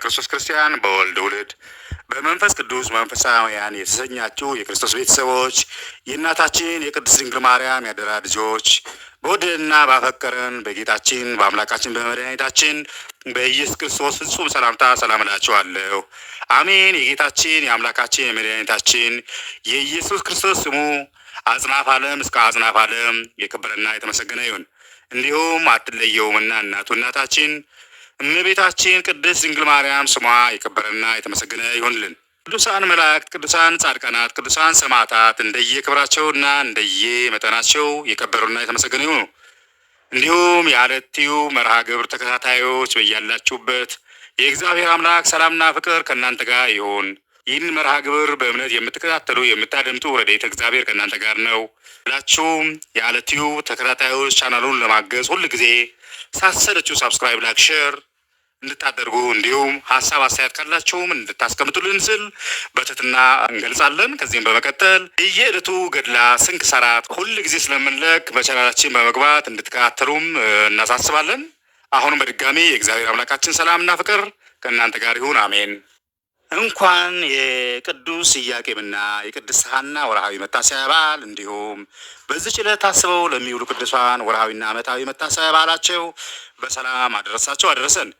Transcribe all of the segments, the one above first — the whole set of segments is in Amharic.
በክርስቶስ ክርስቲያን በወልድ ውልድ በመንፈስ ቅዱስ መንፈሳውያን የተሰኛችሁ የክርስቶስ ቤተሰቦች የእናታችን የቅድስት ድንግል ማርያም ያደራ ልጆች በወደደንና ባፈቀረን በጌታችን በአምላካችን በመድኃኒታችን በኢየሱስ ክርስቶስ ፍጹም ሰላምታ ሰላም እላችኋለሁ። አሜን። የጌታችን የአምላካችን የመድኃኒታችን የኢየሱስ ክርስቶስ ስሙ አጽናፍ ዓለም እስከ አጽናፍ ዓለም የከበረና የተመሰገነ ይሁን። እንዲሁም አትለየውምና እናቱ እናታችን እመቤታችን ቅድስት ድንግል ማርያም ስሟ የከበረና የተመሰገነ ይሆንልን። ቅዱሳን መላእክት፣ ቅዱሳን ጻድቃናት፣ ቅዱሳን ሰማዕታት እንደየ ክብራቸውና እንደየ መጠናቸው የከበሩና የተመሰገነ ይሁኑ። እንዲሁም የአለትዩ መርሃ ግብር ተከታታዮች በያላችሁበት የእግዚአብሔር አምላክ ሰላምና ፍቅር ከእናንተ ጋር ይሁን። ይህን መርሃ ግብር በእምነት የምትከታተሉ የምታደምጡ ረድኤተ እግዚአብሔር ከእናንተ ጋር ነው ብላችሁም የአለትዩ ተከታታዮች ቻናሉን ለማገዝ ሁል ጊዜ ሳሰለችው ሳብስክራይብ፣ ላይክ፣ እንድታደርጉ እንዲሁም ሀሳብ አስተያየት ካላቸውም እንድታስቀምጡልን ስል በትህትና እንገልጻለን። ከዚህም በመቀጠል የየዕለቱ ገድላ ስንክሳራት ሁል ጊዜ ስለምንለቅ በቻናላችን በመግባት እንድትከታተሉም እናሳስባለን። አሁንም በድጋሚ የእግዚአብሔር አምላካችን ሰላምና ፍቅር ከእናንተ ጋር ይሁን፣ አሜን። እንኳን የቅዱስ ኢያቄምና የቅድስት ሐና ወርሃዊ መታሰቢያ በዓል እንዲሁም በዚች ዕለት ታስበው ለሚውሉ ቅዱሳን ወርሃዊና ዓመታዊ መታሰቢያ በዓላቸው በሰላም አደረሳቸው አደረሰን።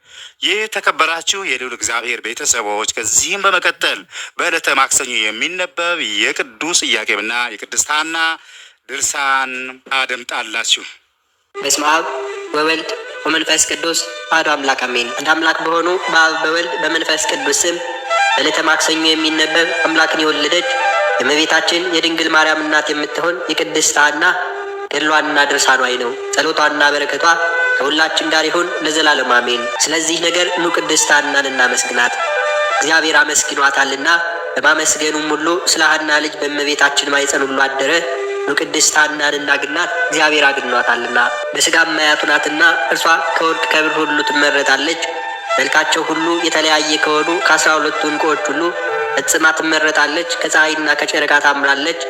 ይህ ተከበራችሁ የልዑል እግዚአብሔር ቤተሰቦች፣ ከዚህም በመቀጠል በዕለተ ማክሰኞ የሚነበብ የቅዱስ ኢያቄምና የቅድስት ሐና ድርሳን አደምጣላችሁ። በስመ አብ ወወልድ ወመንፈስ ቅዱስ አሐዱ አምላክ አሜን። አንድ አምላክ በሆኑ በአብ በወልድ በመንፈስ ቅዱስ ስም በዕለተ ማክሰኞ የሚነበብ አምላክን የወለደች የእመቤታችን የድንግል ማርያም እናት የምትሆን የቅድስት ሐና ገድሏና ድርሳኗ ነው። ጸሎቷና በረከቷ ከሁላችን ጋር ይሁን ለዘላለም አሜን። ስለዚህ ነገር ኑ ቅድስት ሐናን እናመስግናት፣ እግዚአብሔር አመስግኗታልና በማመስገኑም ሁሉ ስለ ሐና ልጅ በእመቤታችን ማኅፀን ሁሉ አደረ። ኑ ቅድስት ሐናን እናግናት፣ እግዚአብሔር አግኗታልና በሥጋም አያቱ ናትና እርሷ ከወርቅ ከብር ሁሉ ትመረጣለች። መልካቸው ሁሉ የተለያየ ከሆኑ ከአስራ ሁለቱ እንቁዎች ሁሉ ፈጽማ ትመረጣለች። ከፀሐይና ከጨረቃ ታምራለች።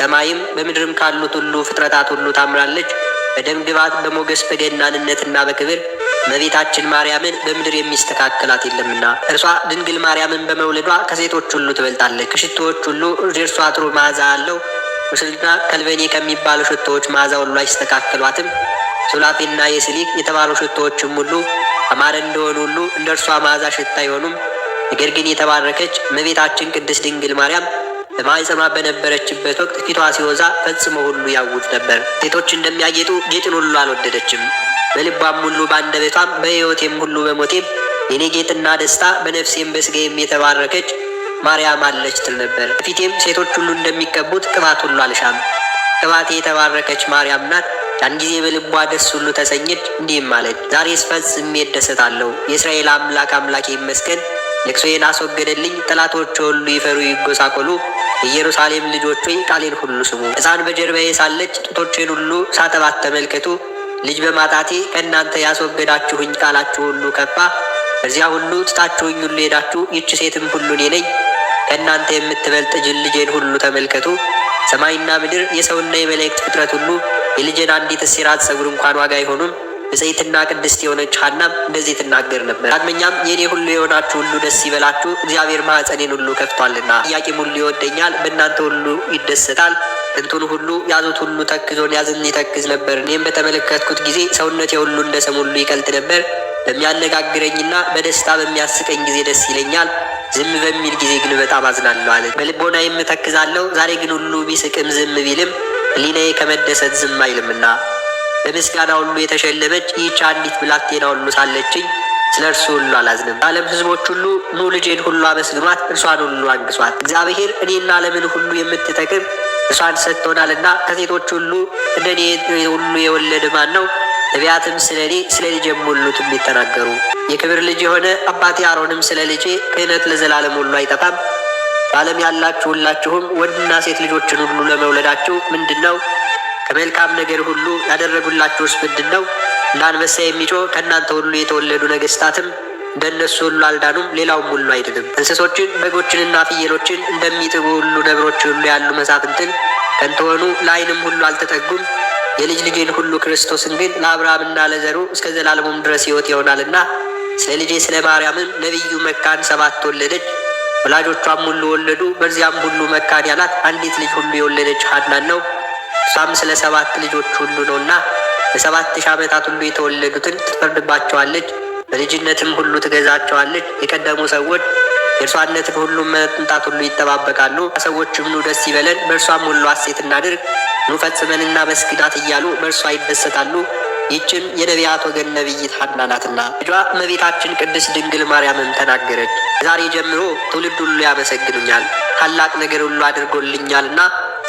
ሰማይም በምድርም ካሉት ሁሉ ፍጥረታት ሁሉ ታምራለች። በደም ግባት በሞገስ በገናንነትና በክብር እመቤታችን ማርያምን በምድር የሚስተካከላት የለምና እርሷ ድንግል ማርያምን በመውለዷ ከሴቶች ሁሉ ትበልጣለች። ከሽቶዎች ሁሉ እርሷ ጥሩ መዓዛ አለው። ውስልና ከልበኔ ከሚባሉ ሽቶዎች መዓዛ ሁሉ አይስተካከሏትም። ሱላፌና የስሊክ የተባሉ ሽቶዎችም ሁሉ አማረ እንደሆኑ ሁሉ እንደ እርሷ መዓዛ ሽታ አይሆኑም። ነገር ግን የተባረከች እመቤታችን ቅድስት ድንግል ማርያም በማኅፀኗ በነበረችበት ወቅት ፊቷ ሲወዛ ፈጽሞ ሁሉ ያውት ነበር። ሴቶች እንደሚያጌጡ ጌጥን ሁሉ አልወደደችም። በልቧም ሁሉ በአንደበቷም በሕይወቴም ሁሉ በሞቴም የኔ ጌጥና ደስታ በነፍሴም በሥጋዬም የተባረከች ማርያም አለች ትል ነበር። ፊቴም ሴቶች ሁሉ እንደሚቀቡት ቅባት ሁሉ አልሻም። ቅባቴ የተባረከች ማርያም ናት። ያን ጊዜ በልቧ ደስ ሁሉ ተሰኘች፣ እንዲህም አለች። ዛሬስ ፈጽሜ እደሰታለሁ። የእስራኤል አምላክ አምላኬ ይመስገን። ልቅሶዬን አስወገደልኝ። ጠላቶች ሁሉ ይፈሩ ይጎሳቆሉ። የኢየሩሳሌም ልጆች ሆይ ቃሌን ሁሉ ስሙ። ሕፃን በጀርባዬ ሳለች ጡቶቼን ሁሉ ሳጠባት ተመልከቱ። ልጅ በማጣቴ ከእናንተ ያስወገዳችሁኝ ቃላችሁ ሁሉ ከፋ። በዚያ ሁሉ ትታችሁኝ ሁሉ ሄዳችሁ፣ ይቺ ሴትም ሁሉ እኔ ነኝ። ከእናንተ የምትበልጥ ጅን ልጄን ሁሉ ተመልከቱ። ሰማይና ምድር የሰውና የመላእክት ፍጥረት ሁሉ የልጄን አንዲት ሲራት ጸጉር እንኳን ዋጋ አይሆኑም። በሰይትና ቅድስት የሆነች ሐናም እንደዚህ ትናገር ነበር። ዳግመኛም የእኔ ሁሉ የሆናችሁ ሁሉ ደስ ይበላችሁ፣ እግዚአብሔር ማኅፀኔን ሁሉ ከፍቷልና፣ ጥያቄም ሁሉ ይወደኛል፣ በእናንተ ሁሉ ይደሰታል እንትን ሁሉ ያዙት ሁሉ ተክዞን ያዝን ይተክዝ ነበር። እኔም በተመለከትኩት ጊዜ ሰውነቴ ሁሉ እንደ ሰም ሁሉ ይቀልጥ ነበር። በሚያነጋግረኝና በደስታ በሚያስቀኝ ጊዜ ደስ ይለኛል። ዝም በሚል ጊዜ ግን በጣም አዝናለሁ አለ። በልቦና የምተክዛለው ዛሬ ግን ሁሉ ቢስቅም ዝም ቢልም ሕሊናዬ ከመደሰት ዝም አይልምና በምስጋና ሁሉ የተሸለመች ይህች አንዲት ብላቴና ሁሉ ሳለችኝ ስለ እርሱ ሁሉ አላዝንም። ዓለም ሕዝቦች ሁሉ ኑ ልጄን ሁሉ አመስግኗት፣ እርሷን ሁሉ አንግሷት። እግዚአብሔር እኔና ዓለምን ሁሉ የምትጠቅም እርሷን ሰጥቶናልና ከሴቶች ሁሉ እንደ እኔ ሁሉ የወለደ ማን ነው? ነቢያትም ስለ እኔ ስለ ልጄም ሁሉ ትንቢት ተናገሩ። የክብር ልጅ የሆነ አባቴ አሮንም ስለ ልጄ ክህነት ለዘላለም ሁሉ አይጠፋም። በዓለም ያላችሁ ሁላችሁም ወንድና ሴት ልጆችን ሁሉ ለመውለዳችሁ ምንድን ነው ከመልካም ነገር ሁሉ ያደረጉላችሁስ ምንድን ነው? እንደ አንበሳ የሚጮህ ከእናንተ ሁሉ የተወለዱ ነገስታትም እንደነሱ ሁሉ አልዳኑም፣ ሌላውም ሁሉ አይድንም። እንስሶችን በጎችንና ፍየሎችን እንደሚጥቡ ሁሉ ነብሮች ሁሉ ያሉ መሳፍንትን ከንተሆኑ ለዓይንም ሁሉ አልተጠጉም። የልጅ ልጅን ሁሉ ክርስቶስን ግን ለአብርሃምና ለዘሩ እስከ ዘላለሙም ድረስ ሕይወት ይሆናልና። ስለ ልጄ ስለ ማርያምም ነቢዩ መካን ሰባት ወለደች፣ ወላጆቿም ሁሉ ወለዱ። በዚያም ሁሉ መካን ያላት አንዲት ልጅ ሁሉ የወለደች ሐናን ነው። እሷም ስለ ሰባት ልጆች ሁሉ ነውና በሰባት ሺህ ዓመታት ሁሉ የተወለዱትን ትፈርድባቸዋለች፣ በልጅነትም ሁሉ ትገዛቸዋለች። የቀደሙ ሰዎች የእርሷነትን ሁሉ መጥንጣት ሁሉ ይጠባበቃሉ። ሰዎችም ኑ ደስ ይበለን፣ በእርሷም ሁሉ አሴት እናድርግ፣ ኑ ፈጽመንና በስግዳት እያሉ በእርሷ ይደሰታሉ። ይህችም የነቢያት ወገን ነቢይት ሐና ናትና ልጇ እመቤታችን ቅድስት ድንግል ማርያምም ተናገረች። ዛሬ ጀምሮ ትውልድ ሁሉ ያመሰግኑኛል፣ ታላቅ ነገር ሁሉ አድርጎልኛልና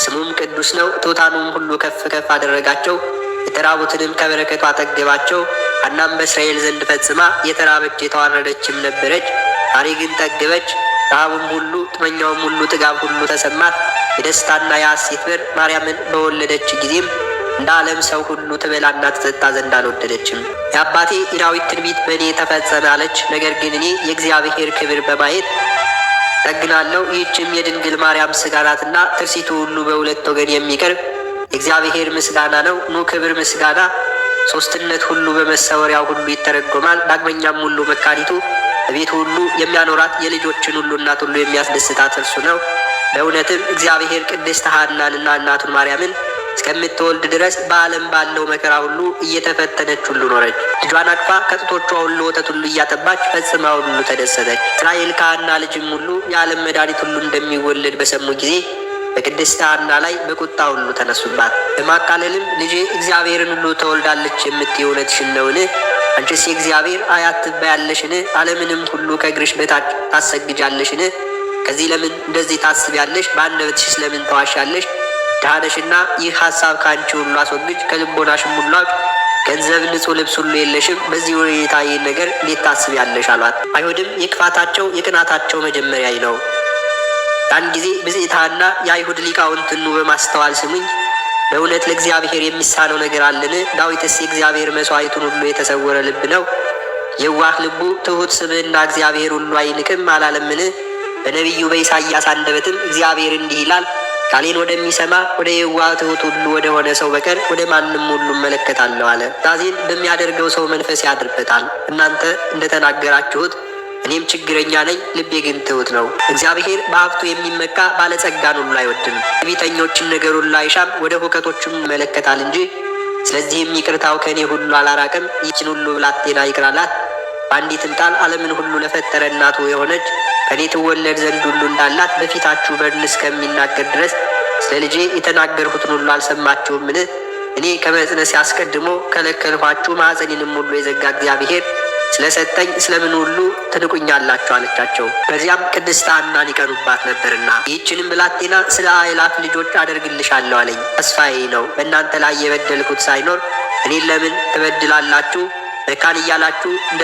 ስሙም ቅዱስ ነው። ትሑታኑም ሁሉ ከፍ ከፍ አደረጋቸው፣ የተራቡትንም ከበረከቱ አጠገባቸው። ሐናም በእስራኤል ዘንድ ፈጽማ የተራበች የተዋረደችም ነበረች። ዛሬ ግን ጠገበች። ረሃቡም ሁሉ ጥመኛውም ሁሉ ጥጋብ ሁሉ ተሰማት። የደስታና የሐሴት በር ማርያምን በወለደች ጊዜም እንደ ዓለም ሰው ሁሉ ትበላና ትጠጣ ዘንድ አልወደደችም። የአባቴ የዳዊት ትንቢት በእኔ ተፈጸመ አለች። ነገር ግን እኔ የእግዚአብሔር ክብር በማየት እጠግናለሁ። ይህችም የድንግል ማርያም ስጋ ናትና ትርሲቱ ሁሉ በሁለት ወገን የሚቀርብ የእግዚአብሔር ምስጋና ነው። ኑ ክብር ምስጋና ሶስትነት ሁሉ በመሰወሪያው ሁሉ ይተረጎማል። ዳግመኛም ሁሉ መካኒቱ በቤት ሁሉ የሚያኖራት የልጆችን ሁሉ እናት ሁሉ የሚያስደስታት እርሱ ነው። በእውነትም እግዚአብሔር ቅድስት ሐናንና እናቱን ማርያምን እስከምትወልድ ድረስ በዓለም ባለው መከራ ሁሉ እየተፈተነች ሁሉ ኖረች። ልጇን አቅፋ ከጡቶቿ ሁሉ ወተት ሁሉ እያጠባች ፈጽማ ሁሉ ተደሰተች። እስራኤል ካህና ልጅም ሁሉ የዓለም መድኃኒት ሁሉ እንደሚወለድ በሰሙ ጊዜ በቅድስት ሐና ላይ በቁጣ ሁሉ ተነሱባት። በማቃለልም ልጄ እግዚአብሔርን ሁሉ ተወልዳለች የምትይ እውነትሽን ነውን? አንቺስ የእግዚአብሔር አያት ትባያለሽን? ዓለምንም ሁሉ ከእግርሽ በታች ታሰግጃለሽን? ከዚህ ለምን እንደዚህ ታስቢያለሽ? በአንደበትሽስ ለምን ተዋሻለሽ? ድሃነሽና ይህ ሀሳብ ከአንቺ ሁሉ አስወግጅ፣ ከልቦናሽ ሙሉ አውጪ ገንዘብ ንጹህ ልብስ ሁሉ የለሽም። በዚህ ሁኔታ ይህን ነገር እንዴት ታስቢያለሽ? አሏት። አይሁድም የክፋታቸው የቅናታቸው መጀመሪያ ነው። ያን ጊዜ ብፅዕታና የአይሁድ ሊቃውንትኑ በማስተዋል ስሙኝ፣ በእውነት ለእግዚአብሔር የሚሳነው ነገር አለን? ዳዊትስ የእግዚአብሔር መሥዋዕቱን ሁሉ የተሰወረ ልብ ነው። የዋህ ልቡ ትሑት ስምህና እግዚአብሔር ሁሉ አይንቅም አላለምን? በነቢዩ በኢሳይያስ አንደበትም እግዚአብሔር እንዲህ ይላል ቃሌን ወደሚሰማ ወደ የዋ ትሑት ሁሉ ወደሆነ ሰው በቀር ወደ ማንም ሁሉ እመለከታለሁ አለ። ትእዛዜን በሚያደርገው ሰው መንፈስ ያድርበታል። እናንተ እንደተናገራችሁት እኔም ችግረኛ ነኝ፣ ልቤ ግን ትሑት ነው። እግዚአብሔር በሀብቱ የሚመካ ባለጸጋን ሁሉ አይወድም። ቤተኞችን ነገር ሁሉ አይሻም፣ ወደ ሁከቶችም ይመለከታል እንጂ። ስለዚህም ይቅርታው ከእኔ ሁሉ አላራቅም። ይችን ሁሉ ብላቴና ይቅር አላት። በአንዲትም ቃል ዓለምን ሁሉ ለፈጠረ እናቱ የሆነች ከእኔ ትወለድ ዘንድ ሁሉ እንዳላት በፊታችሁ በድል እስከሚናገር ድረስ ስለ ልጄ የተናገርሁትን ሁሉ አልሰማችሁምን? እኔ ከመጽነሴ አስቀድሞ ከለከልኋችሁ፣ ማኅፀኔንም ሁሉ የዘጋ እግዚአብሔር ስለሰጠኝ ስለምን ሁሉ ትንቁኛላችሁ? አለቻቸው። በዚያም ቅድስት ሐናን ይቀኑባት ነበርና ይህችንም ብላቴና ስለ አእላፍ ልጆች አደርግልሻለሁ አለኝ። ተስፋዬ ነው። በእናንተ ላይ የበደልኩት ሳይኖር እኔን ለምን ትበድላላችሁ? መካን እያላችሁ እንደ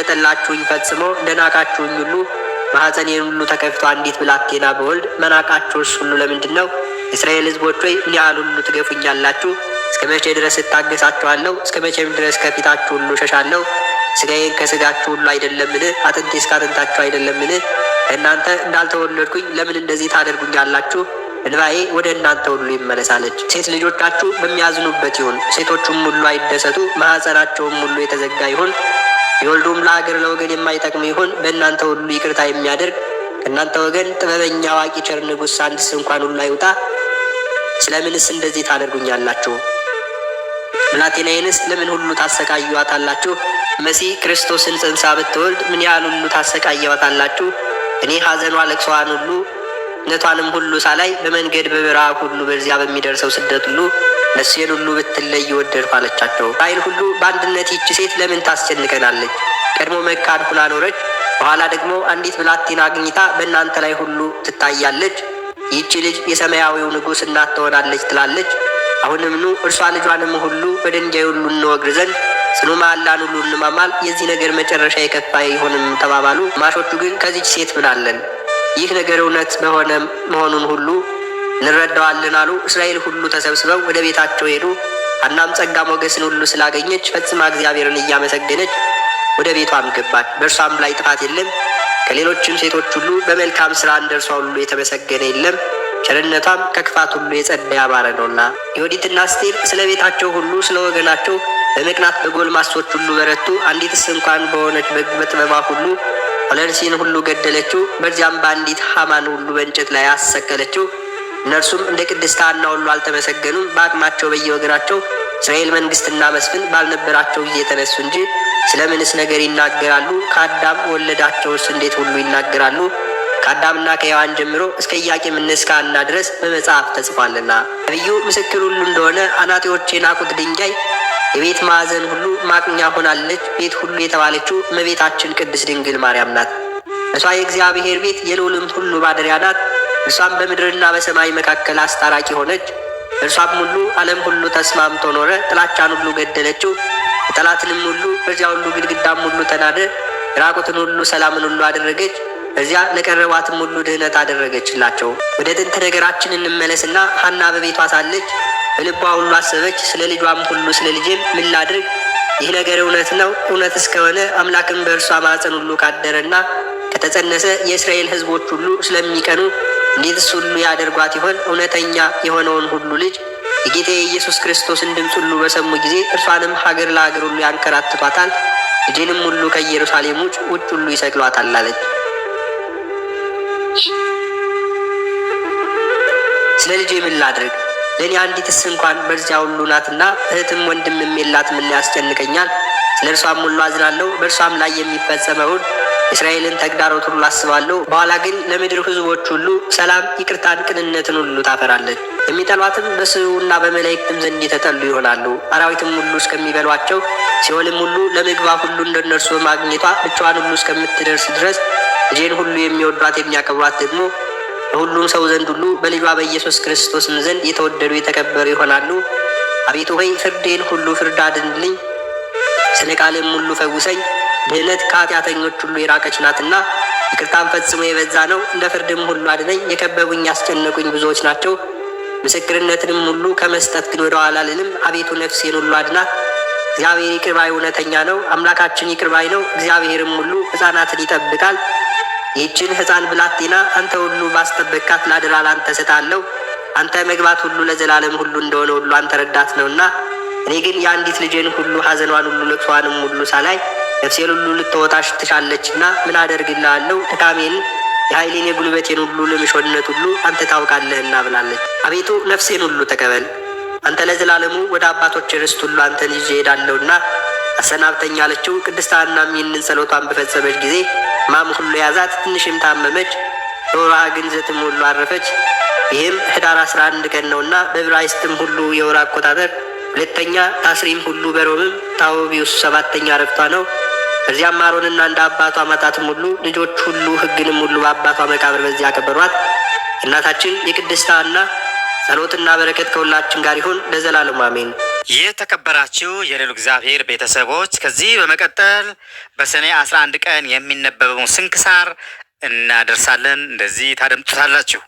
ፈጽሞ እንደ ናቃችሁኝ ሁሉ ማኅፀኔን ሁሉ ተከፍቶ አንዲት ብላቴና በወልድ መናቃችሁ እርሱኑ ሁሉ ለምንድን ነው? እስራኤል ሕዝቦች ሆይ ምን ያህል ሁሉ ትገፉኛላችሁ? እስከ መቼ ድረስ እታገሳችኋለሁ? እስከ መቼም ድረስ ከፊታችሁ ሁሉ ሸሻለሁ? ስጋዬን ከስጋችሁ ሁሉ አይደለምን? አጥንቴ እስከ አጥንታችሁ አይደለምን? ከእናንተ እንዳልተወለድኩኝ ለምን እንደዚህ ታደርጉኛላችሁ? እንባዬ ወደ እናንተ ሁሉ ይመለሳለች። ሴት ልጆቻችሁ በሚያዝኑበት ይሁን፣ ሴቶቹም ሁሉ አይደሰቱ፣ ማኅፀናቸውም ሁሉ የተዘጋ ይሁን። የወልዶም ለሀገር ለወገን የማይጠቅም ይሆን በእናንተ ሁሉ ይቅርታ የሚያደርግ ከእናንተ ወገን ጥበበኛ አዋቂ ቸር ንጉሥ አንድስ እንኳን ሁሉ አይውጣ። ስለምንስ እንደዚህ ታደርጉኛላችሁ? ብላቴናዬንስ ለምን ሁሉ ታሰቃዩዋታላችሁ? መሲህ ክርስቶስን ጽንሳ ብትወልድ ምን ያህል ሁሉ ታሰቃየዋታላችሁ? እኔ ሐዘኗ ለቅሷዋን ሁሉ እነቷንም ሁሉ ሳላይ በመንገድ በበረሃ ሁሉ በዚያ በሚደርሰው ስደት ሁሉ ነፍሴን ሁሉ ብትለይ ወደድኩ አለቻቸው። ራሔል ሁሉ በአንድነት ይች ሴት ለምን ታስጨንቀናለች? ቀድሞ መካን ሁና ኖረች፣ በኋላ ደግሞ አንዲት ብላቴና አግኝታ በእናንተ ላይ ሁሉ ትታያለች። ይቺ ልጅ የሰማያዊው ንጉሥ እናት ትሆናለች ትላለች። አሁንም ኑ እርሷ ልጇንም ሁሉ በድንጋይ ሁሉ እንወግር ዘንድ ጽኑ መሐላን ሁሉ እንማማል፣ የዚህ ነገር መጨረሻ የከፋ ይሆንም ተባባሉ። ማሾቹ ግን ከዚች ሴት ምናለን ይህ ነገር እውነት መሆነ መሆኑን ሁሉ እንረዳዋለን አሉ። እስራኤል ሁሉ ተሰብስበው ወደ ቤታቸው ሄዱ። ሐናም ጸጋ ሞገስን ሁሉ ስላገኘች ፈጽማ እግዚአብሔርን እያመሰገነች ወደ ቤቷም ገባች። በእርሷም ላይ ጥፋት የለም። ከሌሎችም ሴቶች ሁሉ በመልካም ሥራ እንደ እርሷ ሁሉ የተመሰገነ የለም። ቸርነቷም ከክፋት ሁሉ የጸዳ ያማረ ነውና። ዮዲትና አስቴር ስለ ቤታቸው ሁሉ ስለ ወገናቸው በመቅናት በጎልማሶች ሁሉ በረቱ። አንዲትስ እንኳን በሆነች በጥበባ ሁሉ ኦለንሲን ሁሉ ገደለችው። በዚያም በአንዲት ሐማን ሁሉ በእንጨት ላይ አሰቀለችው። እነርሱም እንደ ቅድስት ሐና ሁሉ አልተመሰገኑም። በአቅማቸው በየወገናቸው እስራኤል መንግሥትና መስፍን ባልነበራቸው ጊዜ የተነሱ እንጂ ስለምንስ ነገር ይናገራሉ? ከአዳም ወለዳቸውስ እንዴት ሁሉ ይናገራሉ? ከአዳምና ከሔዋን ጀምሮ እስከ ኢያቄምና እስከ ሐና ድረስ በመጽሐፍ ተጽፏልና። ነቢዩ ምስክር ሁሉ እንደሆነ አናጢዎች የናቁት ድንጋይ የቤት ማዕዘን ሁሉ ማቅኛ ሆናለች። ቤት ሁሉ የተባለችው እመቤታችን ቅድስት ድንግል ማርያም ናት። እሷ የእግዚአብሔር ቤት የልዑልም ሁሉ ማደሪያ ናት። እርሷም በምድርና በሰማይ መካከል አስታራቂ ሆነች። እርሷም ሁሉ ዓለም ሁሉ ተስማምቶ ኖረ። ጥላቻን ሁሉ ገደለችው፣ የጠላትንም ሁሉ በዚያ ሁሉ ግድግዳም ሁሉ ተናደ። የራቁትን ሁሉ ሰላምን ሁሉ አደረገች። እዚያ ለቀረቧትም ሁሉ ድህነት አደረገችላቸው። ወደ ጥንት ነገራችን እንመለስና ሀና በቤቷ ሳለች በልቧ ሁሉ አሰበች። ስለ ልጇም ሁሉ ስለ ልጄም ምን ላድርግ? ይህ ነገር እውነት ነው። እውነት እስከሆነ አምላክም በእርሷ ማፀን ሁሉ ካደረና ከተጸነሰ የእስራኤል ሕዝቦች ሁሉ ስለሚቀኑ እንዴትስ ሁሉ ያደርጓት ይሆን? እውነተኛ የሆነውን ሁሉ ልጅ የጌታ የኢየሱስ ክርስቶስን ድምፅ ሁሉ በሰሙ ጊዜ እርሷንም ሀገር ለሀገር ሁሉ ያንከራትቷታል፣ ልጅንም ሁሉ ከኢየሩሳሌም ውጭ ሁሉ ይሰቅሏታል አለች። ስለ ልጅ ምን ላድርግ? ለእኔ አንዲትስ እንኳን በዚያ ሁሉ ናትና እህትም ወንድምም የላት። ምን ያስጨንቀኛል? ስለ እርሷም ሁሉ አዝናለሁ። በእርሷም ላይ የሚፈጸመውን እስራኤልን ተግዳሮት ሁሉ አስባለሁ። በኋላ ግን ለምድር ህዝቦች ሁሉ ሰላም፣ ይቅርታን፣ ቅንነትን ሁሉ ታፈራለች። የሚጠሏትም በስውና በመላእክትም ዘንድ የተጠሉ ይሆናሉ። አራዊትም ሁሉ እስከሚበሏቸው፣ ሲኦልም ሁሉ ለምግባ ሁሉ እንደነርሱ በማግኘቷ ብቻዋን ሁሉ እስከምትደርስ ድረስ ልጄን ሁሉ የሚወዷት የሚያከብሯት ደግሞ በሁሉም ሰው ዘንድ ሁሉ በልጇ በኢየሱስ ክርስቶስም ዘንድ የተወደዱ የተከበሩ ይሆናሉ። አቤቱ ሆይ ፍርዴን ሁሉ ፍርድ አድንልኝ፣ ስለ ቃልም ሁሉ ፈውሰኝ። ምሕረት ከኃጢአተኞች ሁሉ የራቀች ናትና ይቅርታን ፈጽሞ የበዛ ነው። እንደ ፍርድም ሁሉ አድነኝ። የከበቡኝ ያስጨነቁኝ ብዙዎች ናቸው። ምስክርነትንም ሁሉ ከመስጠት ግን ወደኋላ አልልም። አቤቱ ነፍሴን ሁሉ አድናት። እግዚአብሔር ይቅርባይ እውነተኛ ነው። አምላካችን ይቅርባይ ነው። እግዚአብሔርም ሁሉ ሕፃናትን ይጠብቃል። ይህችን ሕፃን ብላቴና አንተ ሁሉ ባስጠበቅካት ላደራ ላንተ እሰጣለሁ። አንተ መግባት ሁሉ ለዘላለም ሁሉ እንደሆነ ሁሉ አንተ ረዳት ነውና እኔ ግን የአንዲት ልጄን ሁሉ ሐዘኗን ሁሉ ልቅሷንም ሁሉ ሳላይ ነፍሴን ሁሉ ልትወጣሽ ትሻለችና ምን አደርግልሃለሁ? ድካሜን የኃይሌን የጉልበቴን ሁሉ ለመሾነት ሁሉ አንተ ታውቃለህና ብላለች። አቤቱ ነፍሴን ሁሉ ተቀበል። አንተ ለዘላለሙ ወደ አባቶች ርስት ሁሉ አንተን ይዤ እሄዳለሁና አሰናብተኝ አለችው። ቅድስት ሐናም ይህንን ጸሎቷን በፈጸመች ጊዜ ማም ሁሉ ያዛት፣ ትንሽም ታመመች። የወርሃ ግንዘትም ሁሉ አረፈች። ይህም ህዳር 11 ቀን ነውና በዕብራይስጥም ሁሉ የወር አቆጣጠር ሁለተኛ ታስሪም ሁሉ በሮምም ታውቢውስ ሰባተኛ ረፍቷ ነው። በዚያም አሮንና እንደ አባቷ አማታትም ሁሉ ልጆች ሁሉ ሕግንም ሁሉ በአባቷ መቃብር በዚያ አከበሯት። እናታችን የቅድስት ሐና ጸሎትና በረከት ከሁላችን ጋር ይሁን ለዘላለሙ አሜን። ይህ የተከበራችሁ የሌሉ እግዚአብሔር ቤተሰቦች ከዚህ በመቀጠል በሰኔ 11 ቀን የሚነበበውን ስንክሳር እናደርሳለን። እንደዚህ ታደምጡታላችሁ።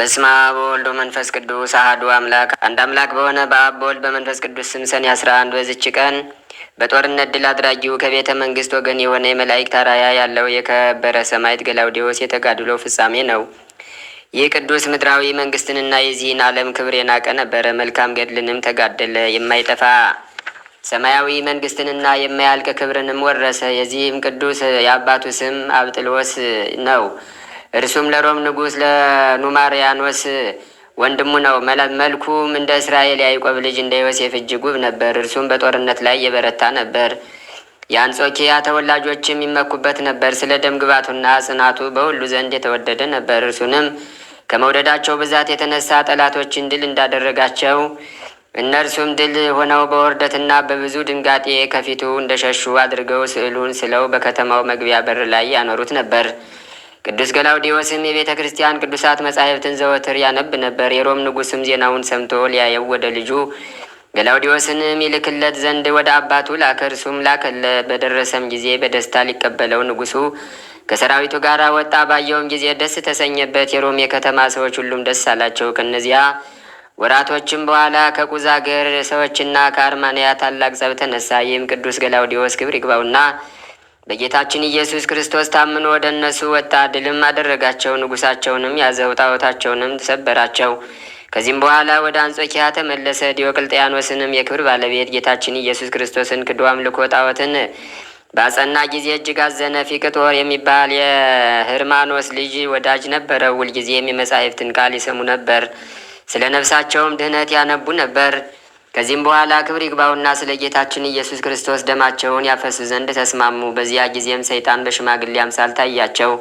በስመ አብ ወወልድ ቅዱስ አህዱ አምላክ አንድ አምላክ በሆነ በአብ በወልድ በመንፈስ ቅዱስ ስም ሰኔ 11 በዚች ቀን በጦርነት ድል አድራጊው ከቤተ መንግስት ወገን የሆነ የመላእክት አራያ ያለው የከበረ ሰማዕት ገላውዴዎስ የተጋድሎ ፍጻሜ ነው። ይህ ቅዱስ ምድራዊ መንግስትንና የዚህን ዓለም ክብር የናቀ ነበረ። መልካም ገድልንም ተጋደለ። የማይጠፋ ሰማያዊ መንግስትንና የማያልቅ ክብርንም ወረሰ። የዚህም ቅዱስ የአባቱ ስም አብጥልዎስ ነው። እርሱም ለሮም ንጉሥ ለኑማሪያኖስ ወንድሙ ነው። መልኩም እንደ እስራኤል ያዕቆብ ልጅ እንደ ዮሴፍ እጅግ ውብ ነበር። እርሱም በጦርነት ላይ የበረታ ነበር። የአንጾኪያ ተወላጆች የሚመኩበት ነበር። ስለ ደም ግባቱና ጽናቱ በሁሉ ዘንድ የተወደደ ነበር። እርሱንም ከመውደዳቸው ብዛት የተነሳ ጠላቶችን ድል እንዳደረጋቸው እነርሱም ድል ሆነው በውርደትና በብዙ ድንጋጤ ከፊቱ እንደሸሹ አድርገው ስዕሉን ስለው በከተማው መግቢያ በር ላይ ያኖሩት ነበር። ቅዱስ ገላውዲዮስም የቤተ ክርስቲያን ቅዱሳት መጻሕፍትን ዘወትር ያነብ ነበር። የሮም ንጉሥም ዜናውን ሰምቶ ሊያየው ወደ ልጁ ገላውዲዮስንም ይልክለት ዘንድ ወደ አባቱ ላከ። እርሱም ላከለ። በደረሰም ጊዜ በደስታ ሊቀበለው ንጉሡ ከሰራዊቱ ጋር ወጣ። ባየውም ጊዜ ደስ ተሰኘበት። የሮም የከተማ ሰዎች ሁሉም ደስ አላቸው። ከእነዚያ ወራቶችም በኋላ ከቁዛ አገር ሰዎችና ከአርማንያ ታላቅ ጸብ ተነሳ። ይህም ቅዱስ ገላውዲዮስ ክብር ይግባውና በጌታችን ኢየሱስ ክርስቶስ ታምኖ ወደ እነሱ ወጣ፣ ድልም አደረጋቸው። ንጉሳቸውንም ያዘው፣ ጣዖታቸውንም ሰበራቸው። ከዚህም በኋላ ወደ አንጾኪያ ተመለሰ። ዲዮቅልጥያኖስንም የክብር ባለቤት ጌታችን ኢየሱስ ክርስቶስን ክዶ አምልኮ ጣዖትን በአጸና ጊዜ እጅግ አዘነ። ፊቅጦር የሚባል የህርማኖስ ልጅ ወዳጅ ነበረው። ሁልጊዜም የመጻሕፍትን ቃል ይሰሙ ነበር፣ ስለ ነፍሳቸውም ድህነት ያነቡ ነበር። ከዚህም በኋላ ክብር ይግባውና ስለ ጌታችን ኢየሱስ ክርስቶስ ደማቸውን ያፈሱ ዘንድ ተስማሙ። በዚያ ጊዜም ሰይጣን በሽማግሌ አምሳል ታያቸው።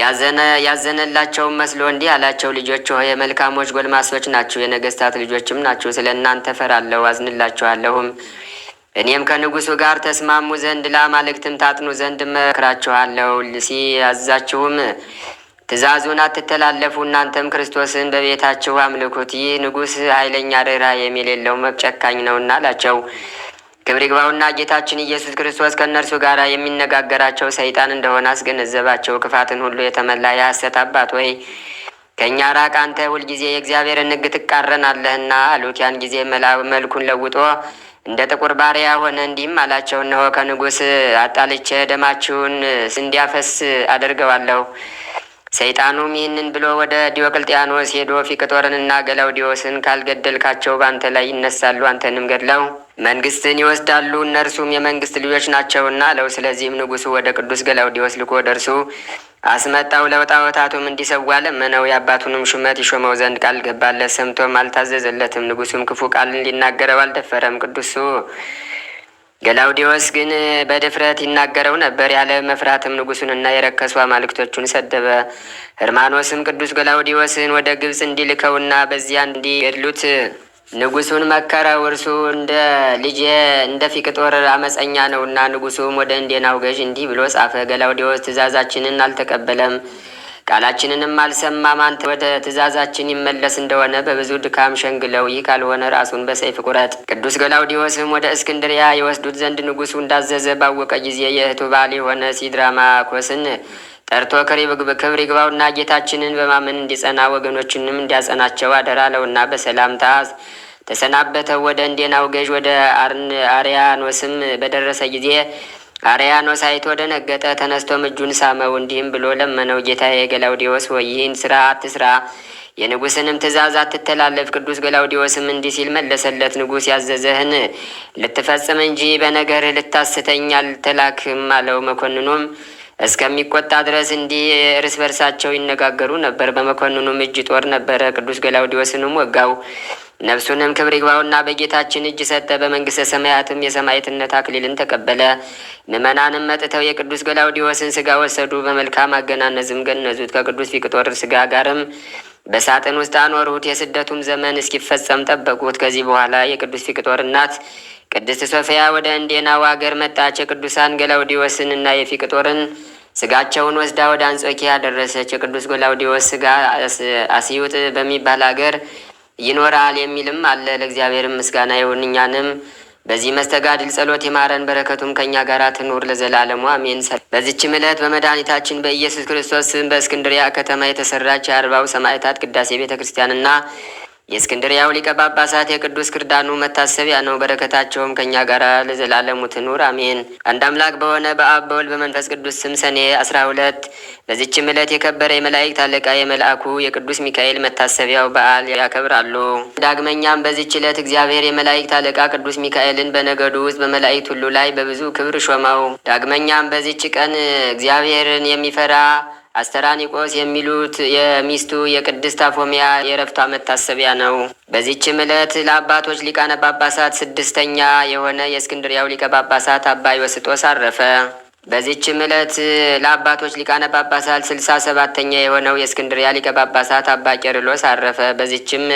ያዘነ ያዘነላቸውም መስሎ እንዲህ አላቸው፣ ልጆች ሆይ የመልካሞች ጎልማሶች ናችሁ፣ የነገስታት ልጆችም ናችሁ። ስለ እናንተ ፈራለሁ፣ አዝንላችኋለሁም። እኔም ከንጉሱ ጋር ተስማሙ ዘንድ ለአማልክትም ታጥኑ ዘንድ መክራችኋለሁ ሲያዛችሁም ትእዛዙን አትተላለፉ። እናንተም ክርስቶስን በቤታችሁ አምልኩት። ይህ ንጉሥ ኃይለኛ ርኅራኄ የሌለው ጨካኝ ነውና አላቸው። ክብር ይግባውና ጌታችን ኢየሱስ ክርስቶስ ከእነርሱ ጋር የሚነጋገራቸው ሰይጣን እንደሆነ አስገነዘባቸው። ክፋትን ሁሉ የተመላ የሐሰት አባት ወይ ከእኛ ራቅ፣ አንተ ሁልጊዜ የእግዚአብሔርን ሕግ ትቃረናለህና አሉት። ያን ጊዜ መልኩን ለውጦ እንደ ጥቁር ባሪያ ሆነ። እንዲህም አላቸው፣ እነሆ ከንጉሥ አጣልቼ ደማችሁን እንዲያፈስ አደርገዋለሁ ሰይጣኑም ይህንን ብሎ ወደ ዲዮቅልጥያኖስ ሄዶ ፊቅጦርንና ገላውዲዮስን ካልገደልካቸው በአንተ ላይ ይነሳሉ፣ አንተንም ገድለው መንግስትን ይወስዳሉ፣ እነርሱም የመንግስት ልጆች ናቸውና አለው። ስለዚህም ንጉሱ ወደ ቅዱስ ገላውዲዮስ ልኮ ደርሱ አስመጣው። ለጣዖታቱም እንዲሰዋ ለመነው። የአባቱንም ሹመት ይሾመው ዘንድ ቃል ገባለት፣ ሰምቶም አልታዘዘለትም። ንጉሱም ክፉ ቃልን ሊናገረው አልደፈረም። ቅዱሱ ገላውዲዮስ ግን በድፍረት ይናገረው ነበር። ያለ መፍራትም ንጉሱንና የረከሱ አማልክቶቹን ሰደበ። ህርማኖስም ቅዱስ ገላውዲዮስን ወደ ግብፅ እንዲልከውና በዚያ እንዲገድሉት ንጉሱን መከረው። እርሱ እንደ ልጄ እንደ ፊቅጦር አመፀኛ ነውና፣ ንጉሱም ወደ እንዴናው ገዥ እንዲህ ብሎ ጻፈ። ገላውዲዮስ ትእዛዛችንን አልተቀበለም። ቃላችንንም አልሰማ ማን ወደ ትእዛዛችን ይመለስ እንደሆነ በብዙ ድካም ሸንግለው፣ ይህ ካልሆነ ራሱን በሰይፍ ቁረጥ። ቅዱስ ገላውዲዮስም ወደ እስክንድሪያ የወስዱት ዘንድ ንጉሱ እንዳዘዘ ባወቀ ጊዜ የእህቱ ባል የሆነ ሲድራማኮስን ጠርቶ ክብር ይግባውና ጌታችንን በማመን እንዲጸና ወገኖችንም እንዲያጸናቸው አለውና በሰላምታ ተሰናበተው። ወደ እንዴናው ገዥ ወደ አርያኖስም በደረሰ ጊዜ አርያኖስ አይቶ ደነገጠ። ተነስቶም እጁን ሳመው እንዲህም ብሎ ለመነው፣ ጌታዬ ገላውዴዎስ ወይ ይህን ስራ አትስራ፣ የንጉሥንም ትእዛዝ አትተላለፍ። ቅዱስ ገላውዴዎስም እንዲህ ሲል መለሰለት፣ ንጉስ ያዘዘህን ልትፈጽም እንጂ በነገር ልታስተኝ አልተላክም አለው። መኮንኑም እስከሚቆጣ ድረስ እንዲህ እርስ በርሳቸው ይነጋገሩ ነበር። በመኮንኑም እጅ ጦር ነበረ። ቅዱስ ገላውዲዮስንም ወጋው። ነፍሱንም ክብር ይግባውና በጌታችን እጅ ሰጠ። በመንግስተ ሰማያትም የሰማዕትነት አክሊልን ተቀበለ። ምዕመናንም መጥተው የቅዱስ ገላውዲዮስን ስጋ ወሰዱ። በመልካም አገናነዝም ገነዙት። ከቅዱስ ፊቅጦር ስጋ ጋርም በሳጥን ውስጥ አኖሩት። የስደቱም ዘመን እስኪፈጸም ጠበቁት። ከዚህ በኋላ የቅዱስ ፊቅጦር እናት ቅድስት ሶፊያ ወደ እንዴናው አገር መጣች። የቅዱሳን ገላውዲዮስን እና የፊቅጦርን ስጋቸውን ወስዳ ወደ አንጾኪያ ያደረሰች። የቅዱስ ገላውዲዮስ ስጋ አስዩጥ በሚባል አገር ይኖራል የሚልም አለ። ለእግዚአብሔርም ምስጋና ይሁን እኛንም በዚህ መስተጋድል ጸሎት የማረን በረከቱም ከእኛ ጋር ትኑር ለዘላለሙ አሜን። በዚችም ዕለት በመድኃኒታችን በኢየሱስ ክርስቶስ ስም በእስክንድሪያ ከተማ የተሰራች የአርባው ሰማዕታት ቅዳሴ ቤተ ክርስቲያንና የእስክንድርያው ሊቀ ጳጳሳት የቅዱስ ክርዳኑ መታሰቢያ ነው። በረከታቸውም ከእኛ ጋር ለዘላለሙ ትኑር አሜን። አንድ አምላክ በሆነ በአብ በወልድ በመንፈስ ቅዱስ ስም ሰኔ አስራ ሁለት በዚችም ዕለት የከበረ የመላእክት አለቃ የመልአኩ የቅዱስ ሚካኤል መታሰቢያው በዓል ያከብራሉ። ዳግመኛም በዚች ዕለት እግዚአብሔር የመላእክት አለቃ ቅዱስ ሚካኤልን በነገዱ ውስጥ በመላእክት ሁሉ ላይ በብዙ ክብር ሾመው። ዳግመኛም በዚች ቀን እግዚአብሔርን የሚፈራ አስተራኒቆስ የሚሉት የሚስቱ የቅድስት አፎሚያ የረፍቷ መታሰቢያ ነው። በዚችም ዕለት ለአባቶች ሊቃነ ጳጳሳት ስድስተኛ የሆነ የእስክንድሪያው ሊቀ ጳጳሳት አባ ወስጦስ አረፈ። በዚችም ዕለት ለአባቶች ሊቃነ ጳጳሳት ስልሳ ሰባተኛ የሆነው የእስክንድሪያ ሊቀ ጳጳሳት አባ ቄርሎስ አረፈ። በዚችም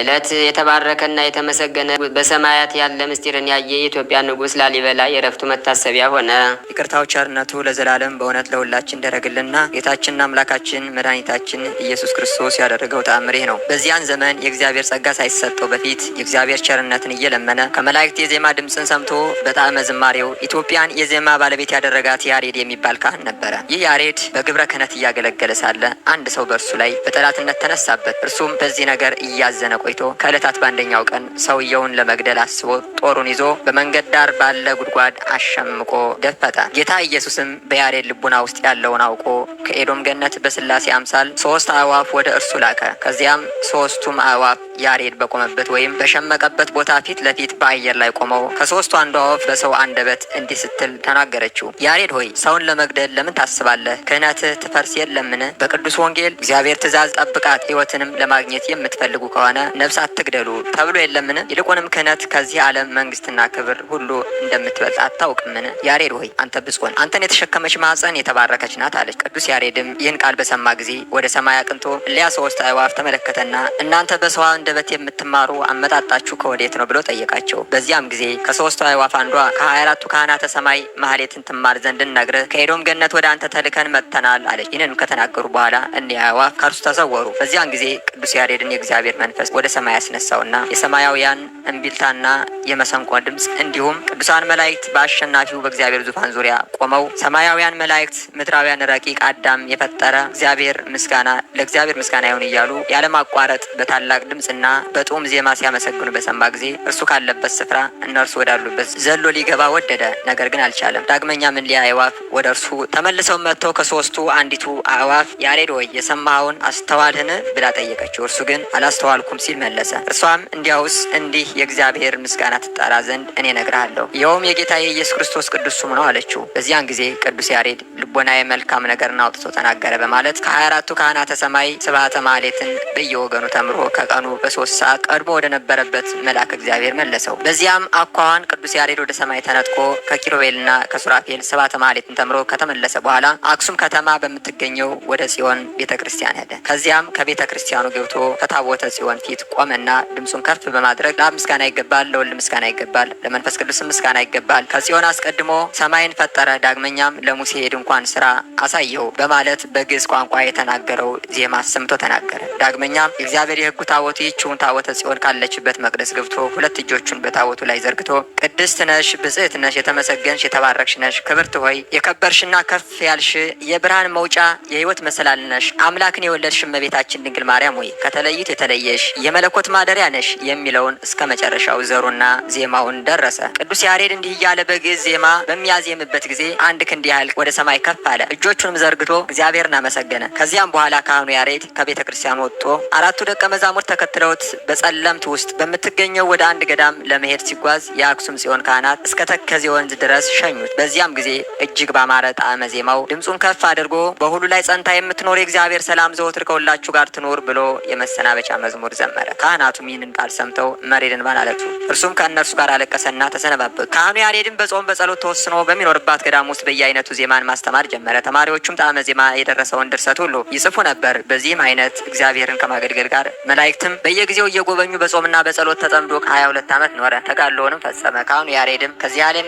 ዕለት የተባረከና የተመሰገነ በሰማያት ያለ ምስጢርን ያየ የኢትዮጵያ ንጉሥ ላሊበላ የረፍቱ መታሰቢያ ሆነ። ይቅርታው ቸርነቱ ለዘላለም በእውነት ለሁላችን ደረግልና ጌታችንና አምላካችን መድኃኒታችን ኢየሱስ ክርስቶስ ያደረገው ተአምሬ ነው። በዚያን ዘመን የእግዚአብሔር ጸጋ ሳይሰጠው በፊት የእግዚአብሔር ቸርነትን እየለመነ ከመላእክት የዜማ ድምፅን ሰምቶ በጣዕመ ዝማሬው ኢትዮጵያን የዜማ ባለቤት ያደረጋት ያሬድ የሚባል ካህን ነበረ። ይህ ያሬድ በግብረ ክህነት እያገለገለ ሳለ አንድ ሰው በእርሱ ላይ በጠላትነት ተነሳበት። እርሱም በዚህ ነገር እያዘነ ቆይቶ ከዕለታት በአንደኛው ቀን ሰውየውን ለመግደል አስቦ ጦሩን ይዞ በመንገድ ዳር ባለ ጉድጓድ አሸምቆ ደፈጠ። ጌታ ኢየሱስም በያሬድ ልቡና ውስጥ ያለውን አውቆ ከኤዶም ገነት በስላሴ አምሳል ሶስት አዕዋፍ ወደ እርሱ ላከ። ከዚያም ሶስቱም አዕዋፍ ያሬድ በቆመበት ወይም በሸመቀበት ቦታ ፊት ለፊት በአየር ላይ ቆመው ከሶስቱ አንዷ ወፍ በሰው አንደበት እንዲህ ስትል ተናገረችው። ያሬድ ሆይ ሰውን ለመግደል ለምን ታስባለህ? ክህነትህ ትፈርስ የለምን? በቅዱስ ወንጌል እግዚአብሔር ትእዛዝ ጠብቃት፣ ሕይወትንም ለማግኘት የምትፈልጉ ከሆነ ነፍስ አትግደሉ ተብሎ የለምን? ይልቁንም ክህነት ከዚህ ዓለም መንግስትና ክብር ሁሉ እንደምትበልጥ አታውቅምን? ያሬድ ሆይ አንተ ብፁዕ አንተን የተሸከመች ማፀን የተባረከች ናት አለች። ቅዱስ ያሬድም ይህን ቃል በሰማ ጊዜ ወደ ሰማይ አቅንቶ ሊያ ሦስት አዕዋፍ ተመለከተና እናንተ በሰዋ አንደበት የምትማሩ አመጣጣችሁ ከወዴት ነው ብሎ ጠየቃቸው። በዚያም ጊዜ ከሶስቱ አዕዋፍ አንዷ ከሀያ አራቱ ካህናተ ሰማይ ማህሌትን ትማር ዘንድ ነግረህ ከኤዶም ገነት ወደ አንተ ተልከን መጥተናል አለች። ይህንንም ከተናገሩ በኋላ እኒ አዕዋፍ ከእርሱ ተሰወሩ። በዚያን ጊዜ ቅዱስ ያሬድን የእግዚአብሔር መንፈስ ወደ ሰማይ ያስነሳውና የሰማያውያን እምቢልታና የመሰንቆ ድምፅ እንዲሁም ቅዱሳን መላእክት በአሸናፊው በእግዚአብሔር ዙፋን ዙሪያ ቆመው ሰማያውያን መላእክት ምድራውያን ረቂቅ አዳም የፈጠረ እግዚአብሔር ምስጋና ለእግዚአብሔር ምስጋና ይሁን እያሉ ያለማቋረጥ በታላቅ ድምፅና በጡም ዜማ ሲያመሰግኑ በሰማ ጊዜ እርሱ ካለበት ስፍራ እነርሱ ወዳሉበት ዘሎ ሊገባ ወደደ። ነገር ግን አልቻለም። ዳግመኛ እሊያ አዕዋፍ ወደ እርሱ ተመልሰው መጥተው ከሶስቱ አንዲቱ አዕዋፍ ያሬድ ወይ የሰማኸውን አስተዋልህን ብላ ጠየቀችው። እርሱ ግን አላስተዋልኩም ሲል መለሰ። እርሷም እንዲያውስ እንዲህ የእግዚአብሔር ምስጋና ትጠራ ዘንድ እኔ ነግርሃለሁ፣ ይኸውም የጌታ የኢየሱስ ክርስቶስ ቅዱስ ስሙ ነው አለችው። በዚያን ጊዜ ቅዱስ ያሬድ ልቦናዬ መልካም ነገርን አውጥቶ ተናገረ በማለት ከሀያ አራቱ ካህናተ ሰማይ ስብሐተ ማሕሌትን በየወገኑ ተምሮ ከቀኑ በሶስት ሰዓት ቀድሞ ወደ ነበረበት መልአክ እግዚአብሔር መለሰው። በዚያም አኳኋን ቅዱስ ያሬድ ወደ ሰማይ ተነጥቆ ከኪሩቤልና ከሱራፌል ስብሐተ ማሕሌትን ተምሮ ከተመለሰ በኋላ አክሱም ከተማ በምትገኘው ወደ ጽዮን ቤተ ክርስቲያን ሄደ። ከዚያም ከቤተ ክርስቲያኑ ገብቶ ከታቦተ ጽዮን ፊት ፊት ቆመና ድምፁን ከፍ በማድረግ ለአብ ምስጋና ይገባል፣ ለወልድ ምስጋና ይገባል፣ ለመንፈስ ቅዱስም ምስጋና ይገባል። ከጽዮን አስቀድሞ ሰማይን ፈጠረ፣ ዳግመኛም ለሙሴ ድንኳን ስራ አሳየው በማለት በግዕዝ ቋንቋ የተናገረው ዜማ አሰምቶ ተናገረ። ዳግመኛም የእግዚአብሔር የሕጉ ታቦት ይችውን ታቦተ ጽዮን ካለችበት መቅደስ ገብቶ ሁለት እጆቹን በታቦቱ ላይ ዘርግቶ ቅድስት ነሽ፣ ብጽዕት ነሽ፣ የተመሰገንሽ የተባረክሽ ነሽ፣ ክብርት ሆይ የከበርሽና ከፍ ያልሽ የብርሃን መውጫ የህይወት መሰላል ነሽ፣ አምላክን የወለድሽ እመቤታችን ድንግል ማርያም ሆይ ከተለዩት የተለየሽ የመለኮት ማደሪያ ነሽ የሚለውን እስከ መጨረሻው ዘሩና ዜማውን ደረሰ። ቅዱስ ያሬድ እንዲህ እያለ በግዕዝ ዜማ በሚያዜምበት ጊዜ አንድ ክንድ ያህል ወደ ሰማይ ከፍ አለ። እጆቹንም ዘርግቶ እግዚአብሔርን አመሰገነ። ከዚያም በኋላ ካህኑ ያሬድ ከቤተ ክርስቲያን ወጥቶ አራቱ ደቀ መዛሙርት ተከትለውት በጸለምት ውስጥ በምትገኘው ወደ አንድ ገዳም ለመሄድ ሲጓዝ የአክሱም ጽዮን ካህናት እስከ ተከዜ ወንዝ ድረስ ሸኙት። በዚያም ጊዜ እጅግ ባማረ ጣዕመ ዜማው ድምፁን ከፍ አድርጎ በሁሉ ላይ ጸንታ የምትኖር የእግዚአብሔር ሰላም ዘወትር ከሁላችሁ ጋር ትኖር ብሎ የመሰናበቻ መዝሙር ዘም ጀመረ። ካህናቱም ይህንን ቃል ሰምተው መሬድን ባን አለቱ። እርሱም ከእነርሱ ጋር አለቀሰና ተሰነባበቱ። ካህኑ ያሬድን በጾም በጸሎት ተወስኖ በሚኖርባት ገዳም ውስጥ በየአይነቱ ዜማን ማስተማር ጀመረ። ተማሪዎቹም ጣዕመ ዜማ የደረሰውን ድርሰት ሁሉ ይጽፉ ነበር። በዚህም አይነት እግዚአብሔርን ከማገልገል ጋር መላእክትም በየጊዜው እየጎበኙ በጾምና በጸሎት ተጠምዶ ሀያ ሁለት ዓመት ኖረ። ተጋድሎውንም ፈጸመ። ካህኑ ያሬድም ከዚህ ዓለም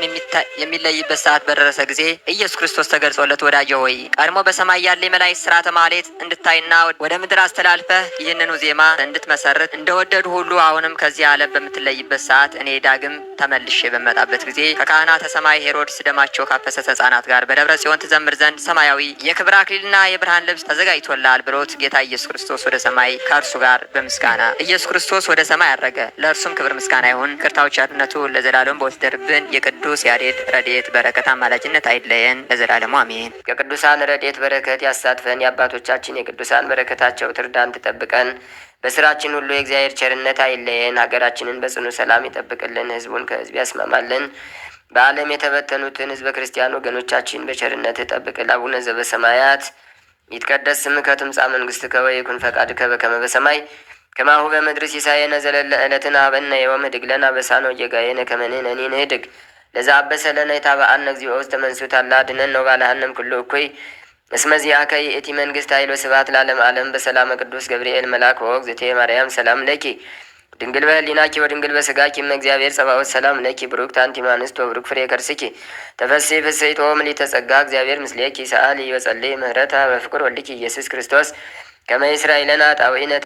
የሚለይበት ሰዓት በደረሰ ጊዜ ኢየሱስ ክርስቶስ ተገልጾለት ወዳጀ ሆይ ቀድሞ በሰማይ ያለ የመላእክት ስርዓተ ማህሌት እንድታይና ወደ ምድር አስተላልፈህ ይህንኑ ዜማ እንድትመሰረ መሰረት እንደወደዱ ሁሉ አሁንም ከዚህ ዓለም በምትለይበት ሰዓት እኔ ዳግም ተመልሼ በመጣበት ጊዜ ከካህናተ ሰማይ ሄሮድስ ደማቸው ካፈሰሰ ህጻናት ጋር በደብረ ጽዮን ትዘምር ዘንድ ሰማያዊ የክብር አክሊልና የብርሃን ልብስ ተዘጋጅቶላል ብሎት ጌታ ኢየሱስ ክርስቶስ ወደ ሰማይ ከእርሱ ጋር በምስጋና ኢየሱስ ክርስቶስ ወደ ሰማይ አረገ። ለእርሱም ክብር ምስጋና ይሁን። ይቅርታው ቸርነቱ ለዘላለም በወትደርብን የቅዱስ ያሬድ ረድኤት በረከት አማላጅነት አይለየን ለዘላለሙ አሜን። የቅዱሳን ረድኤት በረከት ያሳትፈን። የአባቶቻችን የቅዱሳን በረከታቸው ትርዳን ትጠብቀን በስራችን ሁሉ የእግዚአብሔር ቸርነት አይለየን። ሀገራችንን በጽኑ ሰላም ይጠብቅልን፣ ህዝቡን ከህዝብ ያስማማልን። በዓለም የተበተኑትን ህዝበ ክርስቲያን ወገኖቻችን በቸርነት ጠብቅል። አቡነ ዘበሰማያት ይትቀደስ ስምከ ትምጻእ መንግሥትከ ወይኩን ፈቃድከ በከመ በሰማይ ከማሁ በምድር ሲሳየነ ዘለለ ዕለትነ ሀበነ ዮም ህድግ ለነ አበሳነ ወጌጋየነ ከመ ንሕነኒ ንህድግ ለዘ አበሰ ለነ ኢታብአነ እግዚኦ ውስተ መንሱት አላ አድኅነነ ወባልሐነ እምኩሉ እኩይ እስመዚያ ከይ እቲ መንግስት ኃይሎ ወስብሐት ለዓለመ ዓለም በሰላመ ቅዱስ ገብርኤል መልአክ ወወቅ ዘቴ ማርያም ሰላም ለኪ ድንግል በህሊናኪ ወድንግል በስጋኪ እም እግዚአብሔር ጸባኦት ሰላም ለኪ ብሩክት አንቲ እምአንስት ወብሩክ ፍሬ ከርስኪ ተፈሥሒ ፍሥሕት ምልዕተ ጸጋ እግዚአብሔር ምስሌኪ ሰአሊ ወጸልይ ምህረታ በፍቅር ወልድኪ ኢየሱስ ክርስቶስ ከመ ይሥራይ ለነ ኃጣውኢነ